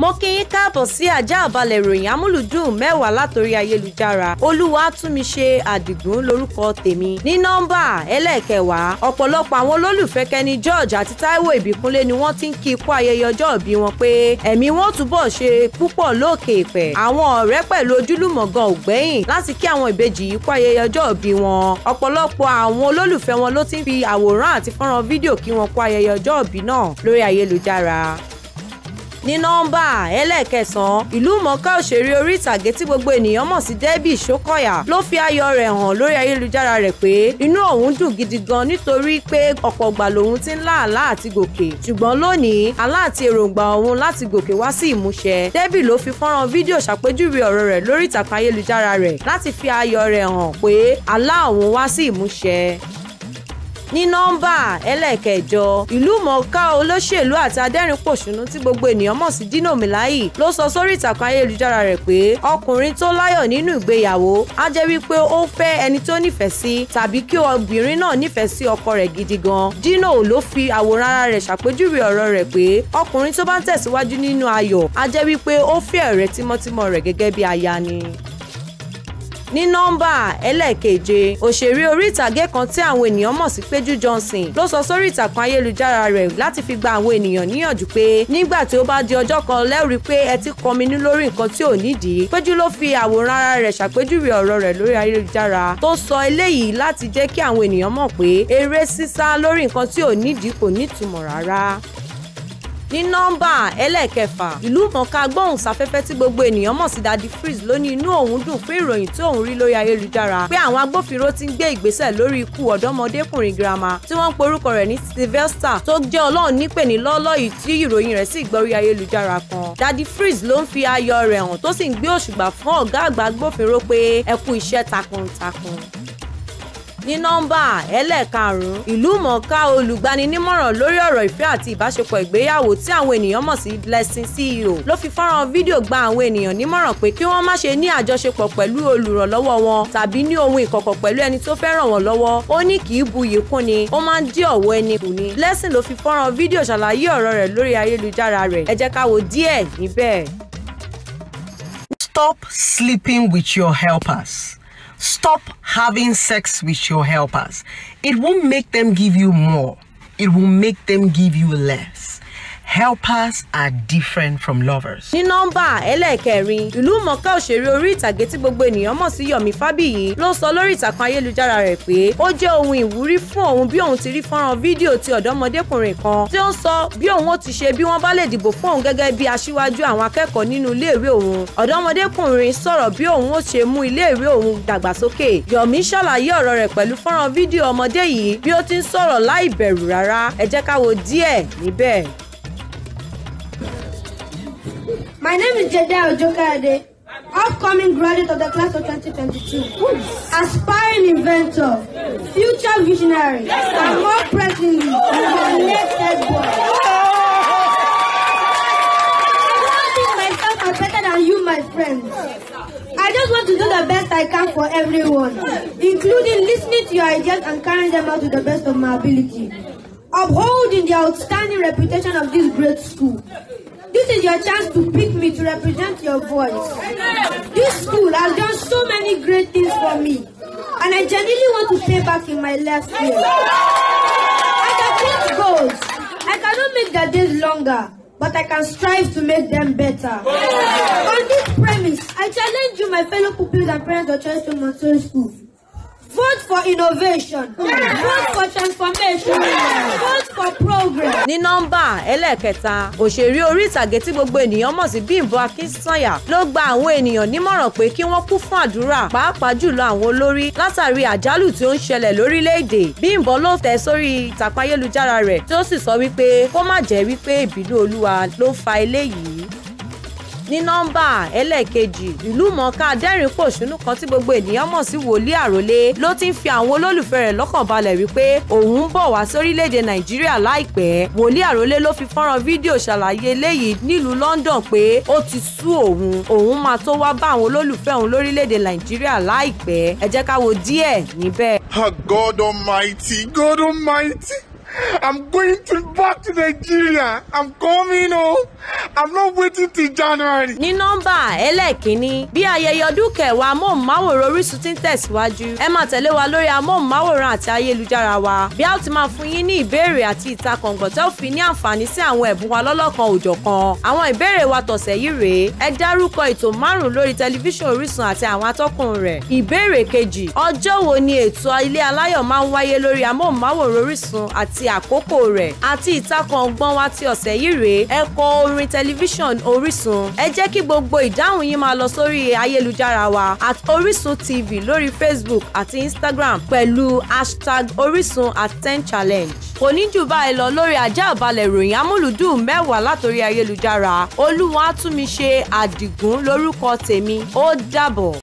mo kí yín káàbọ̀ sí ajá àbálẹ̀ ìròyìn amúlùdùn mẹ́wàá látòrí ayélujára olúwatúnmiṣe àdìgún lórúkọ tèmi ní nọ́mbà ẹlẹ́ẹ̀kẹwàá ọ̀pọ̀lọpọ̀ àwọn olólùfẹ́ Kenny George àti Táíwò Ìbíkúnlé ni wọ́n ti ń kí ikú ayẹyẹ ọjọ́ ìbí wọn pé ẹ̀mí wọn túbọ̀ ṣe púpọ̀ lókè ìpẹ́ àwọn ọ̀rẹ́ pẹ̀lú ojúlùmọ̀ gan ò gbẹ́yìn láti kí àwọn ìbejì yìí kú ayẹyẹ ọjọ́ ìbí wọn ọ̀pọ̀lọpọ̀ ní nọ́mbà ẹlẹ́ẹ̀kẹsàn-án ìlú mọ̀ọ́ká òṣèré orí ìtàgé tí gbogbo ènìyàn mọ̀ sí Debbie Shokoya ló fi ayọ̀ rẹ̀ hàn lórí ayélujára rẹ̀ pé inú òun dùn gidi gan nítorí pé ọ̀pọ̀ ìgbà lòun ti ń lá àlá àti gòkè ṣùgbọ́n lónìí àlá àti èròǹgbà òun láti gòkè wá sí ìmúṣẹ Debbie ló fi fọ́nrán fídíò ṣàpèjúwe ọ̀rọ̀ rẹ̀ lórí ìtàkùn ayélujára rẹ̀ láti fi ayọ̀ rẹ̀ hàn pé àlá òun wá sí ìmúṣẹ ní nọ́mbà ẹlẹ́ẹ̀kẹjọ ìlú mọ̀ọ́ká olóṣèlú àti adẹ́rìnpòṣùnú tí gbogbo ènìyàn mọ̀ sí Dino Melayi ló sọ sórí ìtàkùn ayélujára rẹ̀ pé ọkùnrin tó láyọ̀ nínú ìgbéyàwó á jẹ́ wípé ó fẹ́ ẹni tó nífẹ̀ẹ́ sí tàbí kí obìnrin náà nífẹ̀ẹ́ sí ọkọ rẹ̀ gidi gan Dino ló fi àwòrán ara rẹ̀ ṣàpèjúwe ọ̀rọ̀ rẹ̀ pé ọkùnrin tó bá tẹ̀síwájú nínú ayọ̀ á jẹ́ wípé ó fẹ́ ọ̀rẹ́ tímọ́tímọ́ rẹ̀ gẹ́gẹ́ bí aya ni ní nọ́mbà ẹlẹ́ẹ̀keje òṣèré orí ìtàgé kan tí àwọn ènìyàn mọ̀ sí Péjú Johnson ló sọ sórí ìtàkùn ayélujára rẹ̀ láti fi gba àwọn ènìyàn níyànjú pé nígbà tí ó bá di ọjọ́ kan lẹ́rìí pé ẹ ti kọminú lórí nǹkan tí ò nídìí Péjú ló fi àwòrán ara rẹ̀ ṣàpèjúwe ọ̀rọ̀ rẹ̀ lórí ayélujára tó sọ eléyìí láti jẹ́ kí àwọn ènìyàn mọ̀ pé eré sísá lórí nǹkan tí ò nídìí kò nítumọ̀ rárá ní nọ́mbà ẹlẹ́ẹ̀kẹfà ìlú mọ̀ọ́ká gbóhùnsáfẹ́fẹ́ tí gbogbo ènìyàn mọ̀ sí Daddy Freeze ló ní inú òun dùn fún ìròyìn tí òun rí lórí ayélujára pé àwọn agbófinró ti ń gbé ìgbésẹ̀ lórí ikú ọ̀dọ́mọdékùnrin girama tí wọ́n ń porúkọ rẹ̀ ní Sylvester tó jẹ́ ọlọ́run nípè ní lọ́lọ́ yìí tí ìròyìn rẹ̀ sì gbórí ayélujára kan Daddy Freeze ló ń fi ayọ̀ rẹ̀ hàn tó sì ń gbé òṣùgbà fún ọ̀gá àgbà agbófinró pé ẹ kú iṣẹ́ takuntakun ní nọ́mbà ẹlẹ́ẹ̀karùn-ún ìlú mọ̀ọ́ká olùgbaninímọ̀ràn lórí ọ̀rọ̀ ìfẹ́ àti ìbáṣepọ̀ ìgbéyàwó tí àwọn ènìyàn mọ̀ sí Blessing CEO ló fi fọ́nrán fídíò gba àwọn ènìyàn nímọ̀ràn pé kí wọ́n má ṣe ní àjọṣepọ̀ pẹ̀lú olùrànlọ́wọ́ wọn tàbí ní ohun ìkọ̀kọ̀ pẹ̀lú ẹni tó fẹ́ ràn lọ́wọ́ ó ní kì í buyì kún ni ó máa ń dí ọ̀wọ́ ẹni kù ni Blessing ló fi fọ́nrán fídíò ṣàlàyé ọ̀rọ̀ rẹ̀ lórí ayélujára rẹ̀ ẹ jẹ́ ká wo díẹ̀ níbẹ̀. Stop sleeping with your helpers. Stop having sex with your helpers. It won't make them give you more, it will make them give you less. helpers are different from lovers. ní nọ́mbà ẹlẹ́ẹ̀kẹrin ìlú mọ̀ká òṣèré orí ìtàgé tí gbogbo ènìyàn mọ̀ sí Yọ̀mí Fábíyì ló sọ lórí ìtàkùn ayélujára rẹ̀ pé ó jẹ́ ohun ìwúrí fún òun bí òun ti rí fọ́nrán fídíò ti ọ̀dọ́mọdékùnrin kan tí ó ń sọ bí òun ó ti ṣe bí wọ́n bá lè dìbò fún òun gẹ́gẹ́ bí aṣíwájú àwọn akẹ́kọ̀ọ́ nínú iléèwé òun ọ̀dọ́mọdékùnrin sọ̀rọ̀ bí òun ó ṣe mú iléèwé òun dàgbàsókè Yọ̀mí ṣàlàyé ọ̀rọ̀ rẹ̀ pẹ̀lú fọ́nrán fídíò ọmọdé yìí bí ó ti ń sọ̀rọ̀ láì bẹ̀rù rárá ẹ jẹ́ ká wo díẹ̀ níbẹ̀. My name is Jede Ojokade, upcoming graduate of the class of 2022, aspiring inventor, future visionary, and more presently, the next head boy. I don't think myself are better than you, my friends. I just want to do the best I can for everyone, including listening to your ideas and carrying them out to the best of my ability upholding the outstanding reputation of this great school. This is your chance to pick me to represent your voice. This school has done so many great things for me, and I genuinely want to pay back in my last year. I can change goals. I cannot make their days longer, but I can strive to make them better. On this premise, I challenge you, my fellow pupils and parents of Chelsea Monsoon School, Vote for innovation. Vote for transformation. Vote for progress. Ní nọ́mbà ẹlẹ́ẹ̀kẹta, òṣèré orí ìtàgé tí gbogbo ènìyàn mọ̀ sí Bímbọ́ Akínsànyà ló gba àwọn ènìyàn nímọ̀ràn pé kí wọ́n kún fún àdúrà pàápàá jùlọ àwọn olórí látàrí àjálù tí ó ń ṣẹlẹ̀ lórílẹ̀-èdè. Bímbọ́ ló tẹ̀ sórí ìtàkùn ayélujára rẹ̀ tí ó sì sọ wípé kó má jẹ́ wípé ìbínú Olúwa ló fa eléyìí ní nọ́mbà ẹlẹ́ẹ̀kejì ìlúmọ̀ọ́ká adẹ́rìn-pòṣónú kan tí gbogbo ènìyàn mọ̀ sí wòlíì àròlé ló ti ń fi àwọn olólùfẹ́ rẹ̀ lọ́kàn balẹ̀ wípé òun ń bọ̀ wá sórílẹ̀-èdè nàìjíríà láìpẹ́ wòlíì àròlé ló fi fọ́nrán fídíò ṣàlàyé eléyìí nílùú London pé ó ti sú òun òun máa tó wá bá àwọn olólùfẹ́ òun lórílẹ̀-èdè nàìjíríà láìpẹ́ ẹ jẹ́ ká wo díẹ̀ níbẹ̀. God Almighty, God Almighty. I'm going to back to Nigeria. I'm coming home. I'm not waiting till January. Ní nọ́mbà ẹlẹ́ẹ̀kínní, bí ayẹyẹ ọdún kẹwàá amóhùnmáwòrán Orísun ti ń tẹ̀síwájú, ẹ máa tẹ̀lé wa lórí amóhùnmáwòrán àti ayélujára wa. Bí a ó ti máa fún yín ní ìbéèrè àti ìtakọ̀ǹgbọ̀n tó fi ní àǹfààní sí àwọn ẹ̀bùn wa lọ́lọ́kan òjọ̀kan. Àwọn ìbéèrè wa tọ̀sẹ̀ yìí rèé, ẹ dárúkọ ètò márùn-ún lórí tẹlifíṣàn Orísun àti àwọn atọ́kùn rẹ̀. Ìbéèrè kejì, ọjọ́ wo ni ètò ilé aláyọ̀ máa ń wáyé lórí amóhùnmáwòrán Orísun àti àti àkókò rẹ̀ àti ìtakùn ọgbọ́n wa ti ọ̀sẹ̀ yìí rèé ẹ kọ orin tẹlifíṣàn Orísun ẹ jẹ́ kí gbogbo ìdáhùn yín máa lọ sórí ayélujára wa at Orísun TV lórí Facebook àti Instagram pẹ̀lú hashtag Orísun at ten challenge kò ní jù báyìí lọ lórí ajá àbálẹ̀ ìròyìn amúlùdùn mẹ́wàá látòrí ayélujára olúwa tún mi ṣe àdìgún lórúkọ tèmi ó dàbọ̀.